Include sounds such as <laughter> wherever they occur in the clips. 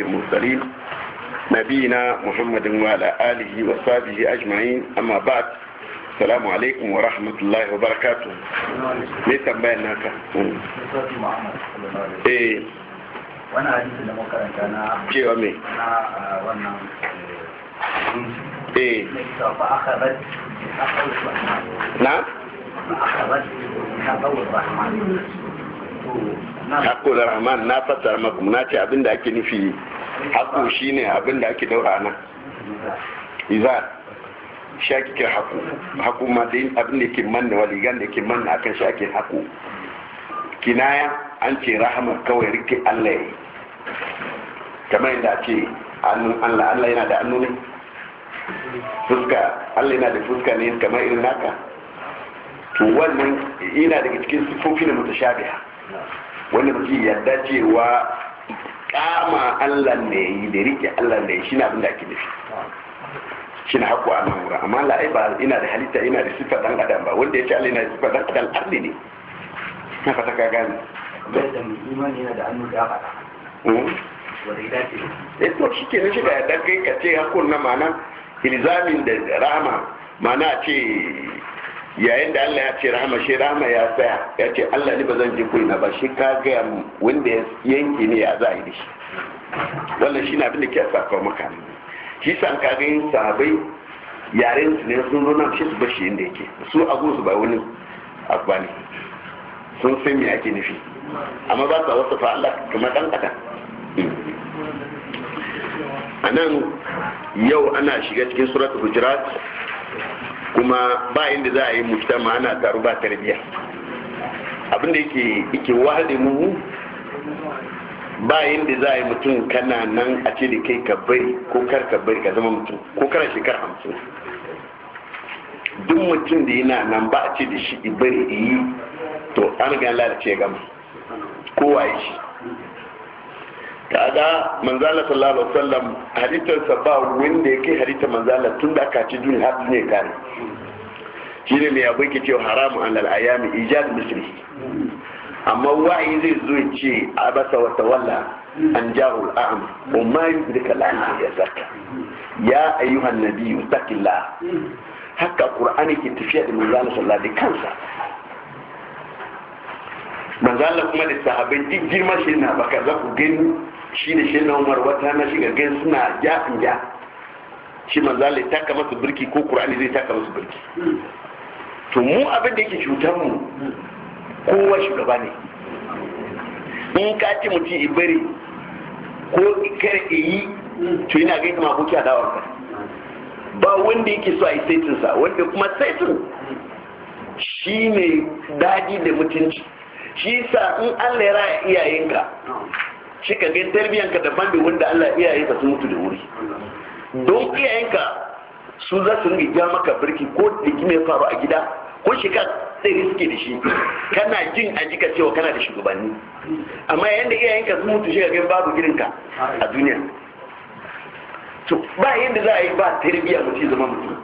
المرسلين نبينا محمد وعلى آله وصحبه أجمعين أما بعد السلام عليكم ورحمة الله وبركاته ليس بيننا إيه وانا ايه نعم haƙo da rahman na fassar maku na ce abinda ake nufi haƙo shine abinda ake daura nan iza shi ake kira haƙo haƙo ma da abinda ke manna wa ligan da yake manna akan shi ake haƙo kinaya an ce rahama kawai rike allah ya yi kamar yadda ce annun allah allah yana da annu ne fuska allah yana da fuska ne kamar irin naka to wannan yana daga cikin sufofi na mutashabiha wanda mutum yadda cewa kama Allah ne yi da rike Allah ne shi na abin da ake nufi shi na haƙo a nan wurin amma la'ai ba ina da halitta ina da sifar dan adam ba wanda ya ce Allah yana da sifar dan adam arni ne na fata ka gane da imani yana da annu da ta hmm? eh, shi ke shi da yadda kai ka ce hakun na ma'ana ilzamin da rahama ma'ana ce yayin da Allah ya ce rahama shi rahama ya tsaya ya ce Allah ni ba zan ji kuina ba shi ka gaya mu wanda ya yanke ne ya za yi shi wannan shi na abin da ke sakwa maka shi san ka ga yin sahabai yaren su ne sun zo nan shi su bashi inda yake su a su ba wani abu sun san me ake nufi amma ba sa wasu fa Allah kuma dan kadan a nan yau ana shiga cikin suratul hujurat kuma ba inda za a yi ma ana taru ba tarbiya abin da yake yake wahale mu ba inda za a yi mutum kana nan a ce da kai ka bari ko kar ka bari ka zama mutum ko kara shekara hamsin duk mutum da yana nan ba a ce da shi bari yi to an ga lalace gama kowa ya shi kaga manzala sallallahu alaihi wasallam halittar sa ba wanda yake halittar manzala tun da aka ci duniya har duniya kare shine mai abin ke cewa haramun alal ayami ijad misri amma wa'i zai zo ce abasa wa tawalla an jahu al'am umma yudrika la ya zakka ya ayyuhan nabiyyu taqillah haka qur'ani ke tafiya da manzala sallallahu alaihi kansa manzala kuma da sahabbai duk girma shi na baka za ku gani shi da shi ne umar wata na shiga gan suna ja ja shi manzo zalai taka masu birki ko kur'ani zai taka masu birki to mu abin da yake cutar mu kowa shugaba ne in ka ci mutum ibari ko kare yi to yana gaita ma aboki da ka ba wanda yake so a yi saitin sa wanda kuma saitin shi ne daji da mutunci shi sa in Allah ya iyayenka shi kan ga ka daban da wanda Allah yi sun mutu da wuri don iyayenka su za su ringa ja maka birki ko da kime faru a gida ko ka sai riske da shi kana jin a jika cewa kana da shugabanni amma yanda iyayenka sun mutu shi ga babu girinka a duniya to ba yanda za a yi ba tarbiyya mutum zama mutum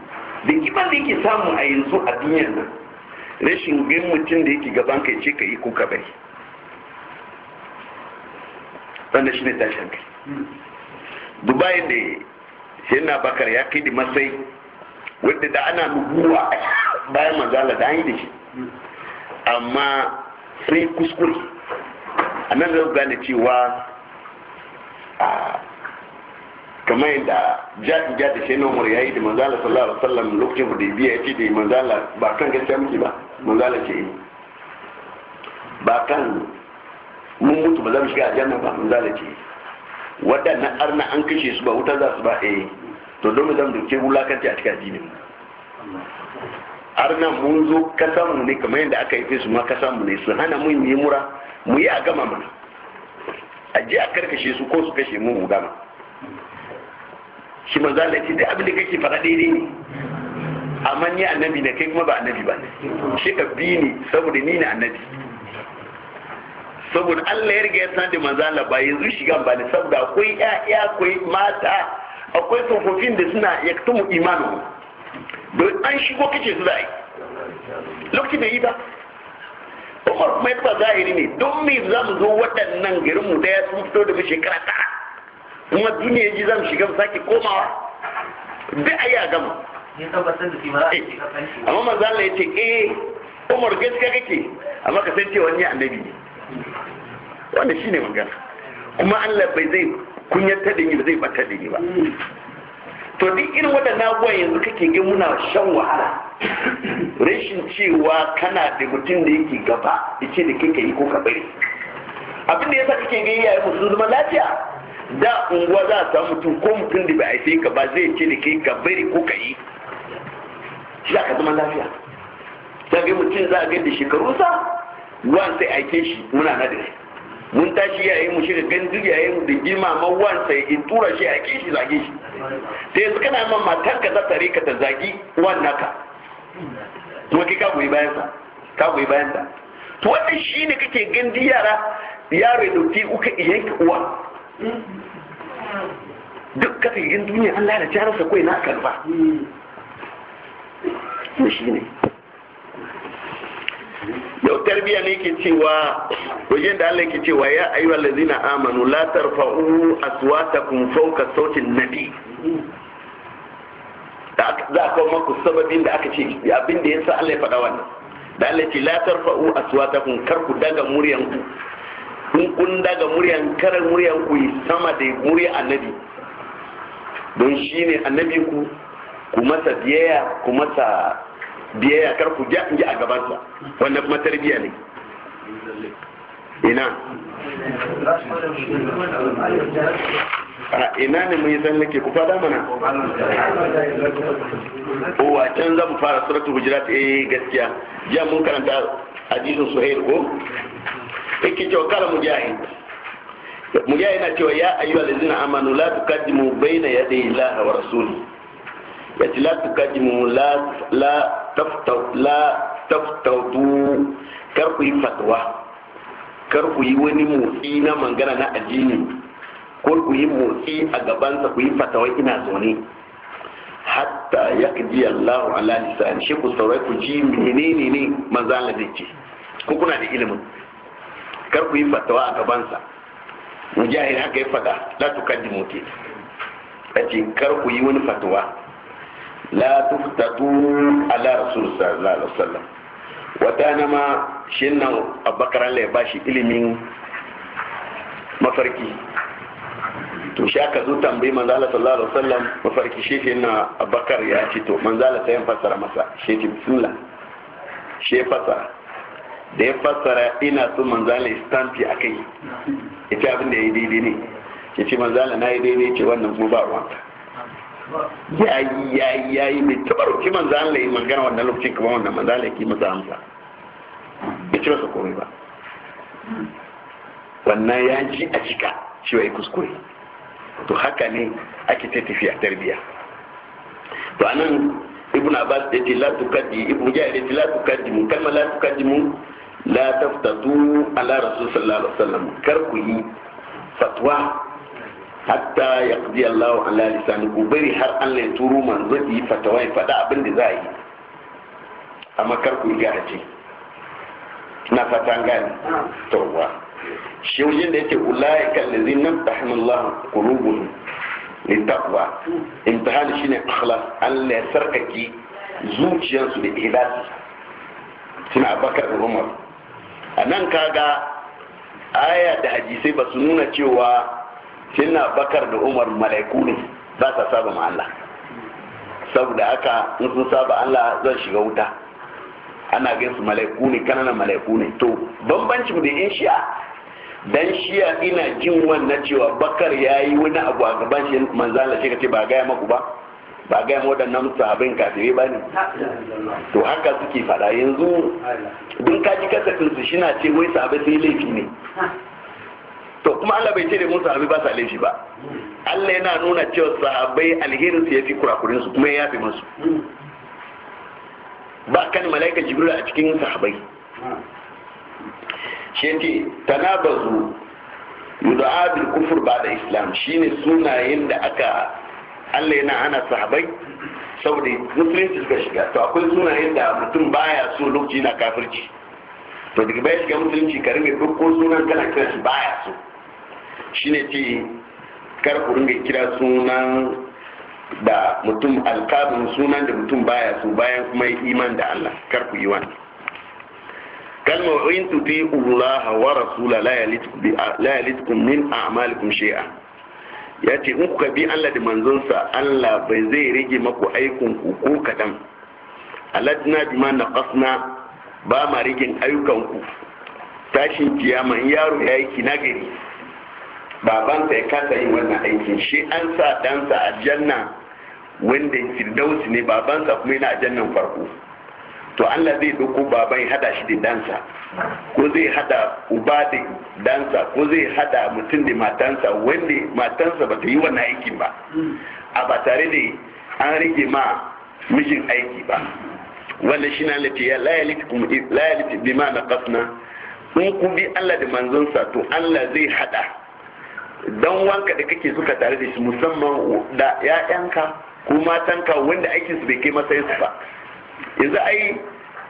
da kiban da yake samu a yanzu a duniya nan rashin gan mutum da yake gaban kai ce ka yi ko ka bari wanda shi ne tashin kai dubai da shi na bakar ya kai da masai wadda da ana nubuwa bayan manzala da an yi da shi amma sai kuskure a nan zai gane cewa a kamar yadda jadi jadi shi na umar ya yi da manzala sallallahu alaihi wasallam lokacin biya ya ce da manzala ba kan gaskiya muke ba manzala ce eh. ba kan mun mutu ba za mu shiga aljanna ba mun zalace waɗannan arna an kashe su ba wuta za su ba eh to don mu zama doke wulakanci a cikin addinin arna mun zo kasan mu ne kamar yadda aka yi su ma kasan mu ne su hana mun yi mura mu yi a gama mana a je a karkashe su ko su kashe mu mu gama shi ma zalace ce abin da kake faɗa daidai ne amma ni annabi ne kai kuma ba annabi ba ne shi ka bi ni saboda ni ne annabi saboda Allah ya riga ya san da manzo Allah ba yanzu shiga ba ne saboda akwai ƴaƴa akwai mata akwai tsofaffin da suna yaktumu imanu don an shigo kace su da yi lokacin da yi ba Umar kuma ya taba zahiri ne don me za mu zo waɗannan garin mu daya sun fito mu shekara tara kuma duniya ji za mu shiga mu sake komawa duk a yi a gama eh, amma manzo Allah ya ce eh Umar gaskiya kake amma ka san cewa ni annabi ne wanda shine magana kuma Allah bai zai kunyar da ni ba zai bata da ni ba to duk irin waɗannan abuwa yanzu kake ga muna shan wahala rashin cewa kana da mutum da yake gaba da ce da kake yi ko ka bari abin da yasa kake ga iyaye mu zama lafiya da unguwa za a samu mutum ko mutum da bai aife ka ba zai ce da kai ka bari ko ka yi shi za ka zama lafiya za ga mutum za a ga da shekaru sa wan sai aike shi muna na da shi mun tashi yi mu shiga gandu ya mu da imama wansa in tura shi a kishi zage shi sai yanzu kana man matar ka za ka ta zagi wan naka kuma kai ka goyi bayan sa ka goyi bayan sa to wannan shine kake gandu yara yaro ya dauki uka iyanka uwa duk kafin duniya an lalace har sa kai na karba to shine yau tarbiya ne ke cewa wajen da Allah ke cewa ya ayyuhal ladzina amanu la tarfa'u aswatakum fawqa sautin nabi da za a kawo maku sababin da aka ce abin da yasa Allah ya faɗa wannan da Allah ce la tarfa'u aswatakum kar ku daga muryan ku kun kun daga muryan kar muryan ku sama da murya annabi don shine annabi ku ku masa biyayya ku masa biyayya kar ku ja in ji a gabansa wannan kuma tarbiyya ne ina a ina ne mun yi san nake ku fada mana o can za mu fara suratul hujurat eh gaskiya ja mun karanta hadisin suhail ko kike cewa kala mujahid mujahid na cewa ya ayyuhal ladzina amanu la tuqaddimu bayna yaday illahi wa rasuli yace la tukadimu la la taftau la taftautu kar ku yi fatwa kar ku yi wani motsi na mangana na addini ko ku yi motsi a gabansa ku yi fatwa ina zaune hatta yaqdi Allahu ala lisan shi ku saurai ku ji menene ne manzo Allah zai ce ko kuna da ilimin kar ku yi fatawa a gabansa mujahid haka ya fada la tukaddimu ke kace kar ku yi wani fatawa لا تفتتوا على رسول الله صلى الله عليه وسلم وتانما شنن nan abubakaran ya ba shi ilimin to shi aka zo tambayi manzala sallallahu alaihi wasallam mafarki shi ke na abakar ya ce to manzala sai ya fassara masa shi ce bismillah shi fassara da ya fassara ina so manzala ya stampi a kai ita abin da ya yi daidai ne ya ce manzala na yi daidai ce wannan kuma ba ruwanta yayi yayi yayi bai taba manzo Allah yi magana wannan lokacin kuma wannan manzo Allah yake masa amsa bai ci masa komai ba wannan ya ji a jika cewa ya kuskure to haka ne ake ta tafiya tarbiya to anan ibn abbas ya ce la tukaddi ibn jahil ya ce la tukaddi mun kalma la tukaddi mun la taftatu ala rasul sallallahu alaihi wasallam kar ku yi fatwa hatta ya kudi Allah an lalisan ku bari har Allah ya turo manzo yi fatawa ya faɗa abin da za a yi a makar ku gara ce na fatan gani tawwa shi wajen da yake ulaika allazina tahmil Allah qulubuhum litaqwa imtihan shine ikhlas Allah ya sarkaki zuciyarsu da ikhlasi suna abakar da Umar anan kaga aya da hadisai ba su nuna cewa Sina bakar da umar malaiku ne za ta saba ma Allah saboda haka in sun saba Allah zan shiga wuta ana gaisu malaiku ne kananan malaiku ne to bambanci da in shi'a dan shiya ina jin wannan cewa bakar yayi wani abu a gaban shi manzo Allah shi kace ba gaya maku ba ba gaya ma waɗannan sahabin kafiri ba ne to haka suke fada yanzu dun kaji kasafin su shina ce wai sahabai sai laifi ne to kuma Allah bai ce da mun sahabi ba su laifi ba Allah yana nuna cewa sahabai alherin su yafi kurakurin su kuma ya yafi musu ba kan malaika jibril a cikin sahabai shi yake tanabazu yudu'a bil kufur ba da islam shine sunayen da aka Allah yana ana sahabai saboda musulunci suka shiga to akwai sunayen da mutum baya so lokaci na kafirci to daga baya shiga musulunci ka ringa ko sunan kana kira shi baya so shine ce kar ku ringa kira sunan da mutum alkabin sunan da mutum baya su bayan kuma yi iman da Allah kar ku yi wani kalmar in tuti Allah wa rasula la yalitkum min a'malikum shay'a ce, in kuka bi Allah da manzonsa Allah bai zai rage maku aikun ku ko kadan alatna bima naqasna ba ma rigin ayyukan ku tashin kiyama yaro yayi kinagari babansa ya kasa yin wannan aikin shi an sa ɗansa a janna wanda firdausi ne babansa kuma yana a jannan farko to Allah zai doko baban ya hada shi da dansa ko zai hada uba da dansa ko zai hada mutum da matansa wanda matansa ba ta yi wannan aikin ba a ba tare da an rage ma mijin aiki ba wanda shi na lafi ya bi ma na kasna in ku bi Allah da manzonsa to Allah zai hada dan wanka da kake suka tare da shi musamman da ƴaƴanka ko matanka wanda aikin su bai kai masa su ba yanzu ai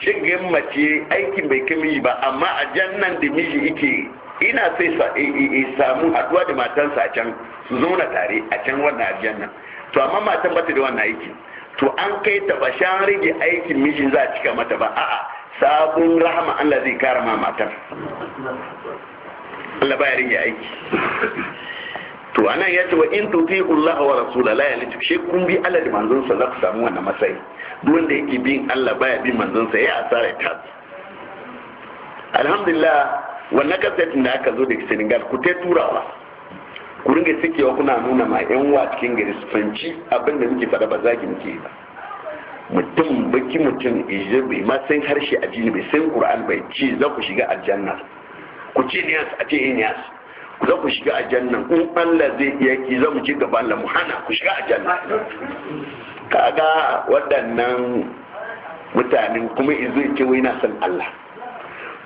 ga mace aikin bai kai miji ba amma a jannan da miji yake ina sai sa samu haduwa da matansa a can su zauna tare a can wannan aljanna to amma matan ta da wannan aiki to an kai ta ba shan rage aikin mijin za a cika mata ba a'a sabon rahama Allah zai kara ma matar Allah baya aiki to anan ya ce wa in tuti'u Allah wa rasula la yalitu shi kun bi Allah da manzon sa za ku samu wannan masai duk wanda yake bin Allah baya bin manzon sa ya asara ta alhamdulillah wannan kasetin da aka zo da Senegal ku ta turawa ku ringa sikewa kuna nuna ma yan wa cikin gari su fanci abin muke faɗa ba zagi muke ba mutum baki mutum ije bai ma san harshe a jini bai san qur'an bai ce za ku shiga aljanna ku ci niyas a ce niyas za ku shiga aljanna in Allah zai iya ki za mu ci gaba Allah mu hana ku shiga aljanna kaga waɗannan mutanen kuma in zai ce wai na san Allah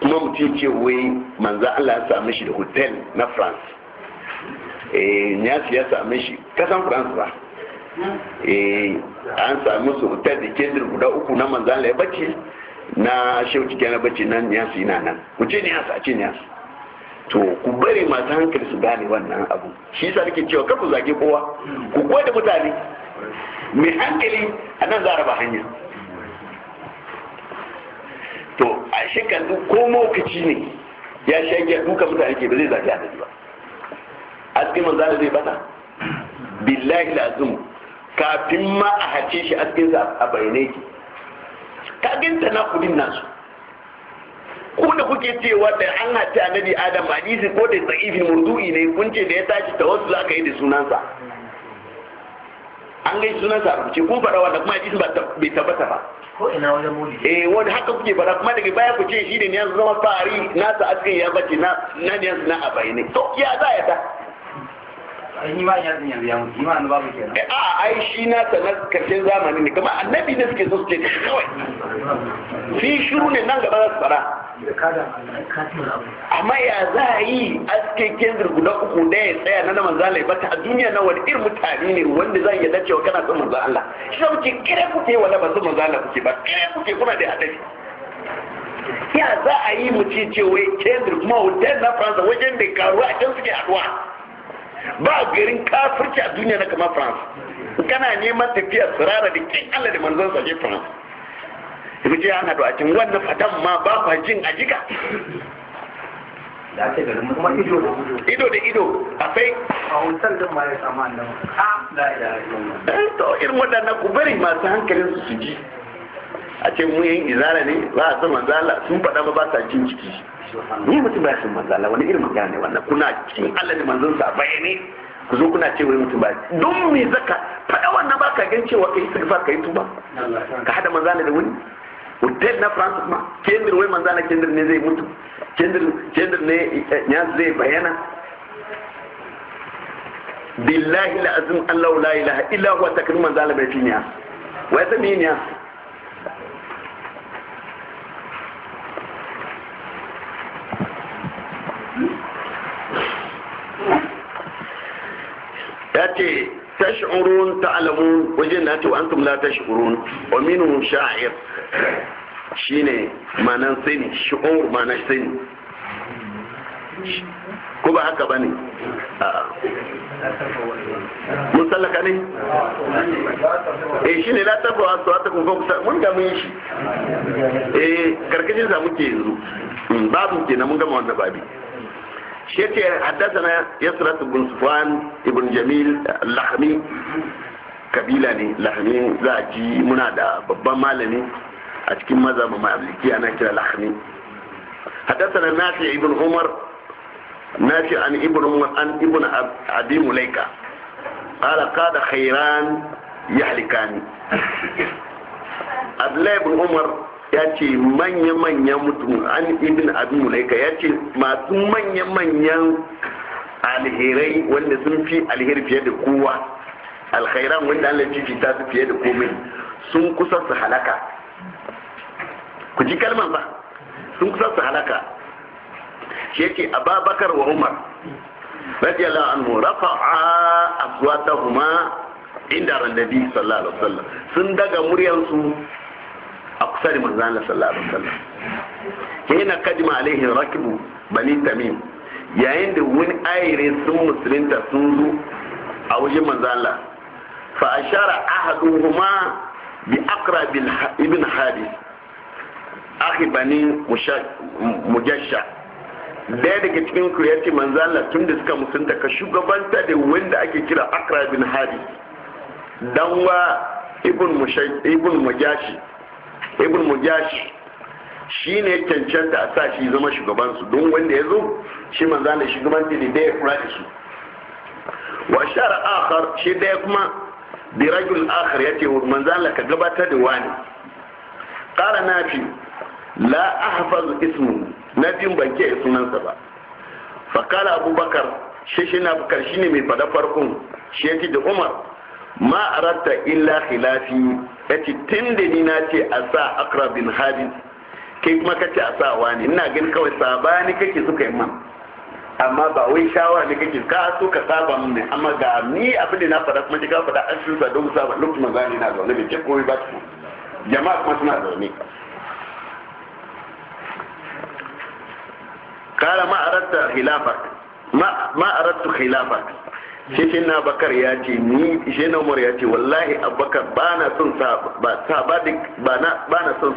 kuma mutum ci ce wai manzo Allah ya same shi da hotel na France eh niyas ya same shi kasan France ba eh an sami su hotel da kendir guda uku na manzo Allah ya bace na shauki kenan bace nan niyas ina nan ku ce niyas a ce niyas to ku bari masu hankali su gane wannan abu shi yasa nake cewa kar ku zage kowa ku gwada mutane mai hankali a nan za a raba hanya to a shekaru ko mawukaci ne ya shage duka mutane ke ba zai zage annabi ba askin da zai bata billahi azumu kafin ma a hace shi askin sa a bayyane ki kaginta ta na kudin nasu wanda kuke cewa da an hatta annabi adam hadisi ko da zaifin murdu'i ne kun ce da ya tashi ta wasu za ka yi da sunansa an gai sunansa a rubuce kun fara wanda kuma hadisi bai tabbata ba ko ina wajen mulki eh wani haka kuke fara kuma daga baya ku ce shi ne yanzu zama fari nasa askin ya bace na na yanzu na a ne to ya za ya ta Eh, a ai shi na ta na karshen zamani ne kamar annabi ne suke suke su ce kawai fi shiru ne nan gaba za su fara amma ya za a yi askeken guda uku da ya tsaya na naman zalai ba ta duniya na wani irin mutane ne wanda zan yadda cewa kana son manzo Allah shi zan ce kire kuke wala ba son manzo Allah kuke ba kire kuke kuna da hadari ya za a yi mu ce ce wai kendir kuma hotel na faransa wajen da karuwa a can suke haduwa ba garin kafirci a duniya na kama france kana neman tafiya tsirara da kin allah da manzon sa je france yanzu je ana da ajin wannan fadan ma ba kwa jin a jika ido da ido akwai a hotel din ma ya samu annan ah, eh, to irin ku bari masu hankalin su su ji a ce mun yin izara ne ba a san manzala sun faɗa ba ba sa jin ciki ni mutum ba san manzala wani irin magana ne wannan kuna cin Allah ne manzon sa ne ku zo kuna ce wai mutum ba don me zaka faɗa wannan ba ka gan cewa kai ka kai tuba ka hada manzala da wani hotel na France ma kendir wai manzala kendir ne zai mutu kendir kendir ne ya eh, zai bayana billahi la azim Allah la ilaha illa huwa takrimu manzala bai fi wai sai niya ya ce tash'urun ta'lamun wajen na ce antum la tash'urun wa minhum sha'ir shine manan sani shu'ur manan sani ko ba haka bane mun sallaka ne eh shi ne latarfa wa su wata kuma kusa mun ga yi shi eh karkashin sa muke yanzu hmm, babu ke na mun gama wanda babi shi yake haddasa yasrat ibn sufwan ibn jamil lahmi kabila ne lahmi za a ji muna da babban malami a cikin maza mamalikiya na kira lahmi haddasa na nafi ibn umar نافع عن ابن an ibn abi mulaika qala qada khairan yahlikani abdullahi ibn umar ya yace manya-manyan mutum an ibn abi mulaika ya masu manya-manyan alherai wanda sun fi alheri fiye da kowa alkhairan wanda an su fiye da komai sun kusa su halaka ku ji kalman ba sun kusa halaka shi yake ababakar wa umar radiyallahu anhu rafa'a aswatahuma inda rannabi sallallahu alaihi wasallam sun daga su a kusa da manzon Allah sallallahu alaihi wasallam kina kadima alaihi rakibu bani tamim yayin da wani ayire sun musulunta sun zo a wajen manzon Allah fa ashara ahaduhuma bi aqrabil ibn hadis akhi bani mujashsha daya daga cikin ku ya ce manzala tun da suka musanta ka shugabanta da wanda ake kira Akra bin hari dan wa ibn Mushay ibn Mujashi ibn Mujashi shine cancanta a sa shi zama shugaban su don wanda ya zo shi manzala shugabanta ne da ya kura da su wa shar akhar shi daya kuma bi rajul akhar yace manzala ka gabatar da wani qala nafi la ahfazu ismuhu na biyun ban ke sunansa ba fakala abubakar shi shi na bukar shi ne mai fada farkon shi ya da umar ma aratta illa khilafi ya ce tun da ni na ce a sa akra bin hadis kai kuma ka ce a sa wani ina gani kawai sabani kake suka yi man amma ba wai shawara ne kake ka so ka saba mun ne amma ga ni abin da na fada kuma ka fada an shi ba don saba lokacin magana na zaune bai ce komai ba jama'a kuma suna zaune kala ma aratta khilafak ma arattu khilafak shi shi na bakar ya ce ni shi na ya ce wallahi abubakar ba son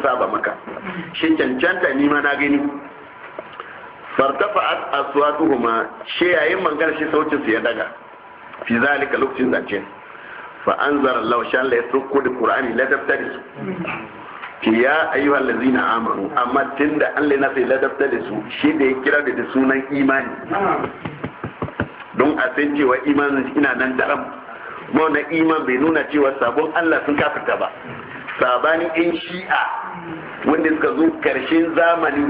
saba maka shi cancanta ni ma na gani fartafa aswatuhuma shi yayin magana shi saucin su ya daga fi zalika lokacin zance fa anzara law sha Allah ya sauko da qur'ani la daftari ya ayyuha allazina amanu amma tunda Allah na sai ladabta da su shi da ya kira da sunan imani don a san cewa imanin ina nan daram kuma na iman bai nuna cewa sabon Allah sun kafirta ba sabanin in shi'a wanda suka zo karshen zamani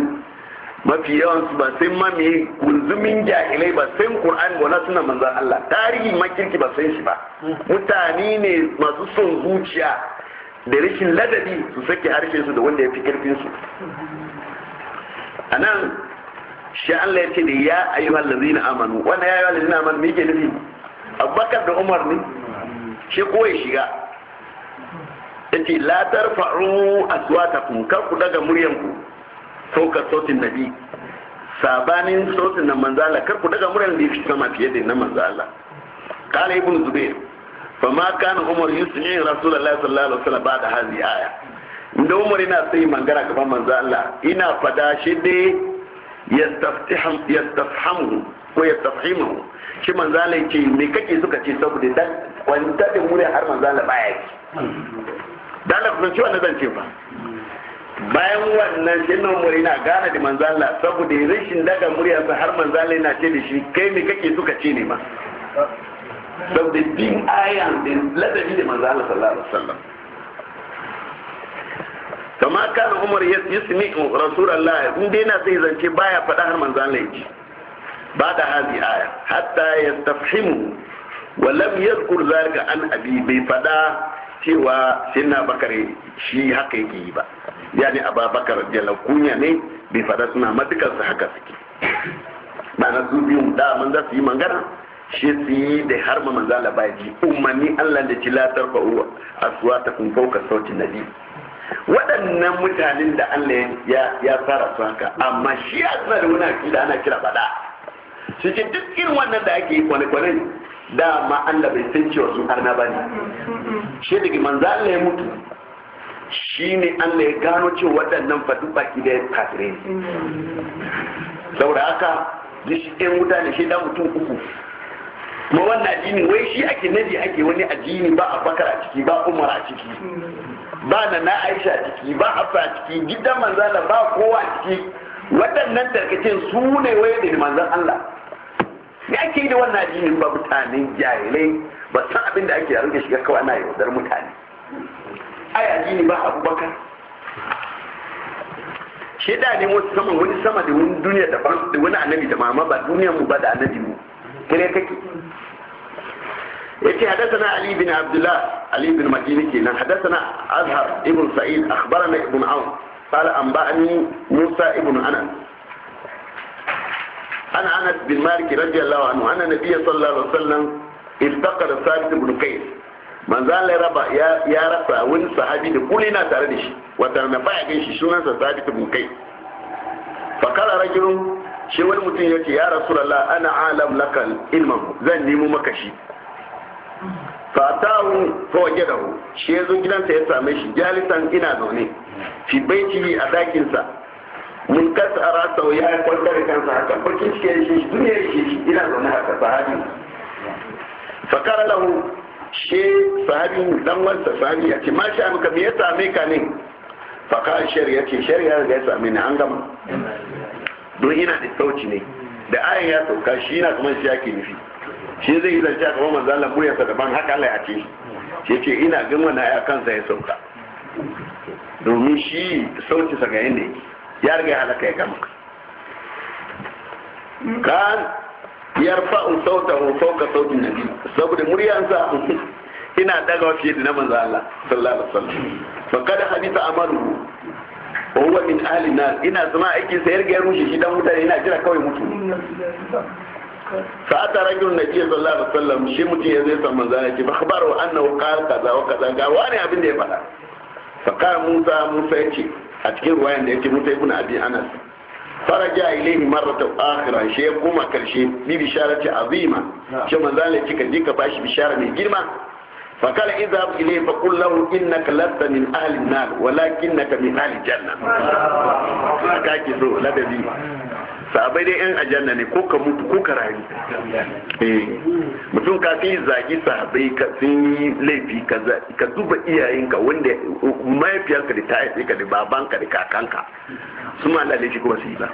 mafi yawan su ba sai ma me kunzumin jahilai ba sai qur'ani wala sunan suna manzon Allah tarihi makirki ba sai shi ba mutane ne masu son zuciya da rashin ladabi su sake harshen su da wanda ya fi karfin su anan shi Allah ya ce da ya ayyuhal allazina amanu wannan ya ayyuhal allazina amanu me yake nufi Abubakar da Umar ne shi ko ya shiga yace la tarfa'u aswatakum kar ku daga muryanku sauka sautin nabi sabanin sautin na manzala kar ku daga muryan da yake sama fiye da nan manzala qala ibnu zubair fama kana umar yusmi rasulullahi sallallahu alaihi wasallam ba da hazi aya inda umar yana sai mangara gaban manzo Allah ina fada shi ne yastafhamu ko yastafhimu shi manzo Allah yake me kake suka ce saboda dan wanda da har manzo Allah da yi dalil kun ci wannan zance fa bayan wannan shi nan umar yana gane da manzo Allah saboda rashin daga muryarsa har manzo Allah yana ce da shi kai me kake suka ce ne ma saboda bin ayan da ladabi da manzo Allah sallallahu alaihi wasallam kama kana umar yasmi rasulullahi in dai na sai zance baya faɗa har manzo Allah yake ba da hadi aya hatta yastafhimu wa lam yadhkur zalika an abi bai faɗa cewa sinna bakare shi haka yake yi ba yani ababakar jalla kunya ne bai faɗa suna matukar su haka suke na su biyu da manzo za su yi mangana shi su yi da har ma manzo Allah bai ji umarni Allah da tilatar a uwa ta kun fauka sautin nabi waɗannan mutanen da Allah ya ya fara su haka amma shi ya tsara da wani akida ana kira bada shi ce duk irin wannan da ake yi kwane-kwane da ma Allah bai san cewa sun arna bane shi daga manzo Allah ya mutu shi ne Allah ya gano cewa waɗannan fa baki da kafirai saboda haka duk ɗan mutane ne shi dan mutum uku Ma wannan addini wai shi ake nabi ake wani addini ba abubakar a ciki ba umar a ciki ba na na aisha a ciki ba abba a ciki gidan manzala ba kowa a ciki waɗannan tarkacin su ne wai da manzan allah ya ake yi da wannan addini ba mutanen jahilai ba san abin da ake rage shiga kawai ana yaudar mutane ai addini ba abubakar sheda ne wasu saman wani sama da wani duniya daban da wani annabi da mama ba duniyar mu ba da annabi mu kire kake يكي حدثنا علي بن عبد الله علي بن مديني كينا حدثنا أزهر ابن سعيد أخبرنا ابن عون قال أنبأني موسى ابن أنس أنا أنس بن مالك رضي الله عنه أن النبي صلى الله عليه وسلم افتقر ثابت بن قيس من ذال ربا يا يا رفا وين صحابي كلنا تردش وتنفع بين شي سنة ثابت بن قيس فقال رجل shi wani mutum ya ce ya rasulallah ana alam lakal ilman zan nemo maka shi fatahu hu shi zo gidansa ya same shi jalisan ina zaune fi baiti a dakinsa mun kasa arasa ya kwantar da kansa haka bakin shi ya shi duniya ya shi ina zaune haka sahabi fakara lahu shi sahabi dan wansa sahabi ya ce ma sha muka me ya same ka ne fakar shari'a ce shari'a da ya same ni an gama don ina da sauci ne da ayan ya sauka shi yana kuma shi yake nufi shi zai yi zance a kuma manzo Allah muryarsa daban haka Allah ya ce shi ce ina gama na ya kansa ya sauka domin shi sauci sa ga yanda ya riga halaka ya gama kan yarfa'u sautahu fawqa sautin nabi saboda muryansa <laughs> ina daga fiye da na manzo Allah sallallahu alaihi wasallam fa kada hadisa amaru wa huwa min ahli nar ina zama aikin sa yarga ya rushe shi dan mutane ina jira kawai mutu fa ata rajul nabi sallallahu alaihi wasallam shi mutum ya zai san manzana ce fa khabaru annahu qala kaza wa kaza ga wani abin da ya faɗa fa qala musa musa yace a cikin ruwayan da yake musa ibn abi anas faraja ilaihi marrata akhira shi ya koma karshe bi bisharati azima shi manzana ya ce ka ka bashi bishara mai girma فقال اذهب اليه فقل له انك لست من اهل النار ولكنك من اهل الجنه kake so ladabi sabai dai yan ajanna ne ko ka mutu ko ka rayu mutum ka sai zagi sahabai ka sun yi laifi ka zuba iyayenka wanda mahaifiyarka da ta haife ka da babanka da kakanka su suna lalace kuma su yi ba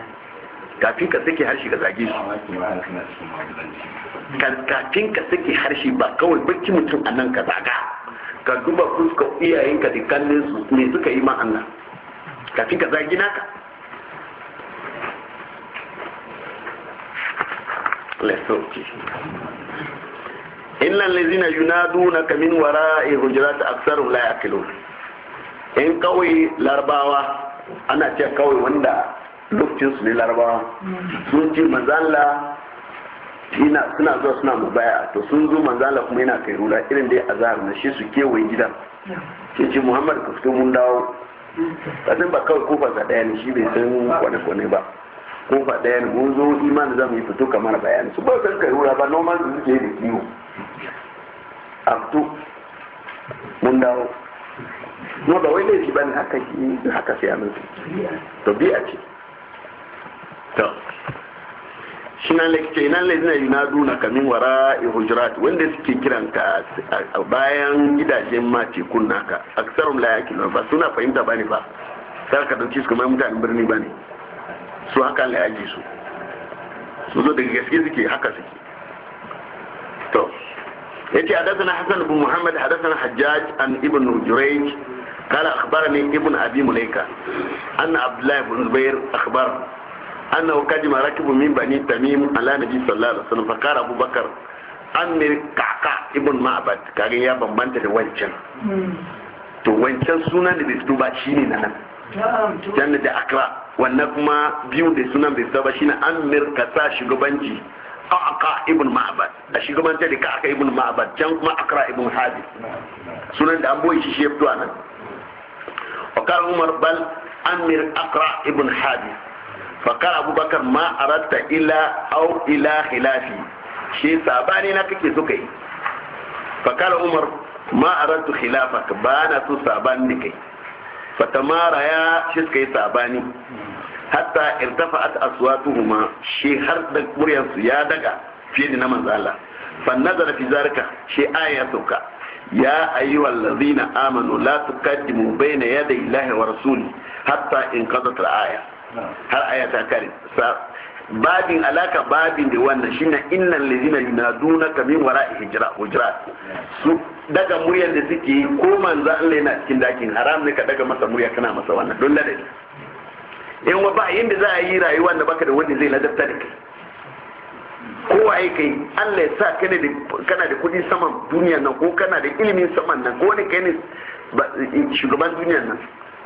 kafin ka sake harshe ka zage shi kafin ka sake harshe ba kawai barci mutum a nan ka zaga ka duba fuska iyayenka da kallon su ne suka yi ma Allah kafin ka zage naka lesauki innan lazina yunaduna ka wara wara'i hujurat aktsaru la kilo in kawai larbawa ana ce kawai wanda lokacin su ne larabawa sun ce manzala suna zuwa suna mubaya to sun zo manzala kuma yana kai rura irin dai azhar na shi su kewaye gidan ke ce muhammad ka fito mun dawo kasan ba kawai kofa sa daya ne shi bai san kwane kwane ba kofa daya ne mun zo imani za mu yi fito kamar bayani su ba san kai rura ba normal su suke da kiwo a fito mun dawo no ba wai laifi ba ne haka shi haka sai a to bi a ce to shi nan lakice yi na duna kamin wara hujurat wanda suke kiran ka a bayan gidajen mace kunna ka aksarum la nan ba suna fahimta bane ba sai ka dauki su kamar mutanen birni bane su haka la yaji su su zo daga gaske suke haka suke to yace hadathana hasan ibn muhammad hadathana hajjaj an ibn jurayj قال أخبرني ابن أبي مليكة أن عبد الله بن زبير أخبر annahu kajima rakibu min bani tamim ala nabi sallallahu alaihi wasallam fakara abubakar amir kaka ibn ma'bad kagin ya bambanta da wancan to wancan suna da bai fito ba shine na nan janna da akra wannan kuma biyu da sunan bai fito ba shine amir kasa shugabanci aka ibn ma'bad a shugabanta da kaka ibn ma'bad can kuma akra ibn habib sunan da an boye shi shi ya fito nan wa umar bal amir akra ibn habib fakar abubakar ma aratta au ila khilafi shi sabani na kake so kai fakar umar ma arattu khilafak ba na so sabani da kai fatamara ya shi suka yi sabani hatta irtafa'at aswatuhuma shi har ya daga fiye da na manzo Allah فنظر في ذلك شيء آياتك يا أيها الذين آمنوا لا تقدموا بين يدي الله ورسوله حتى انقضت الآية har aya ta kare babin alaka babin da wannan shine innal ladina ka min wara'i hijra hujrat su daga muryar da suke ko manzo Allah yana cikin dakin haram ne ka daga masa murya kana masa wannan don ladabi in wa ba yanda za a yi rayuwa da baka da wanda zai ladabta da kai kowaye kai Allah ya sa kana da kana da kudi saman duniya nan ko kana da ilimin saman nan ko ne kai ne shugaban duniya nan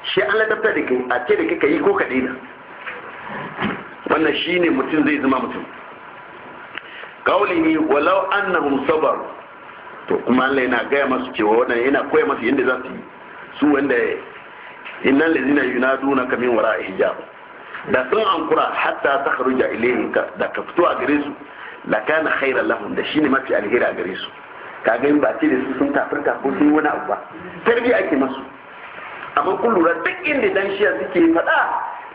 shi an ladabta da kai a ce da kai ka yi ko ka daina wannan shine mutum zai zama mutum kaulihi walau annahum sabar to kuma Allah yana gaya masu cewa wannan yana koya masu yadda za su yi su wanda innal ladina yunaduna kamin wara hijab da sun ankura hatta takhruja ilayhim da ka fito a gare su la kana khairan lahum da shine mafi alheri a gare su kaga in ba ce da su sun kafirta ko sun yi wani abu ba tarbiya ake masu amma kun lura duk inda dan shiya suke faɗa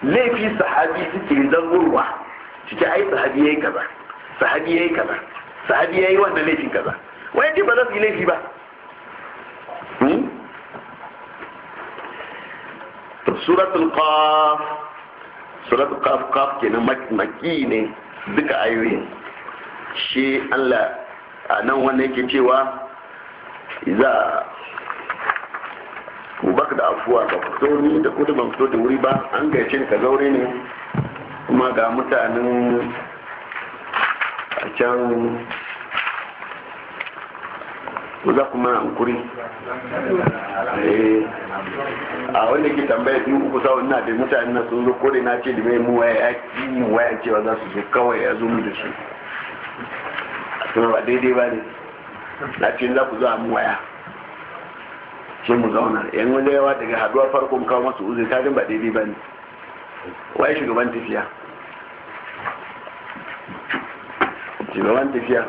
laifi sahabi suke zarurwa cikin ai sahabi yayi kaza sahabi yayi kaza sahabi yayi wannan laifin kaza wai ba za su yi laifi ba hmm? suratul qaf suratul qaf qaf kenan maki ne duka ayoyin shi Allah a nan wanda yake cewa za baka da afuwa ba fito ni da kudu ban fito da wuri ba an gaishe ka zaure ne kuma ga mutanen a can za ku mana hankuri eh, a wanda ke tambaya biyu uku sa na da mutane na sun zo kore na ce da mai mu waya ya ki mu waya cewa za su zo kawai ya zo mu da su a ba daidai ba ne na ce za ku zo a mu waya ce mu zauna yan wanda yawa daga haduwar farkon kawo masu uzuri kajin ba daidai ba ne wai shugaban tafiya shugaban tafiya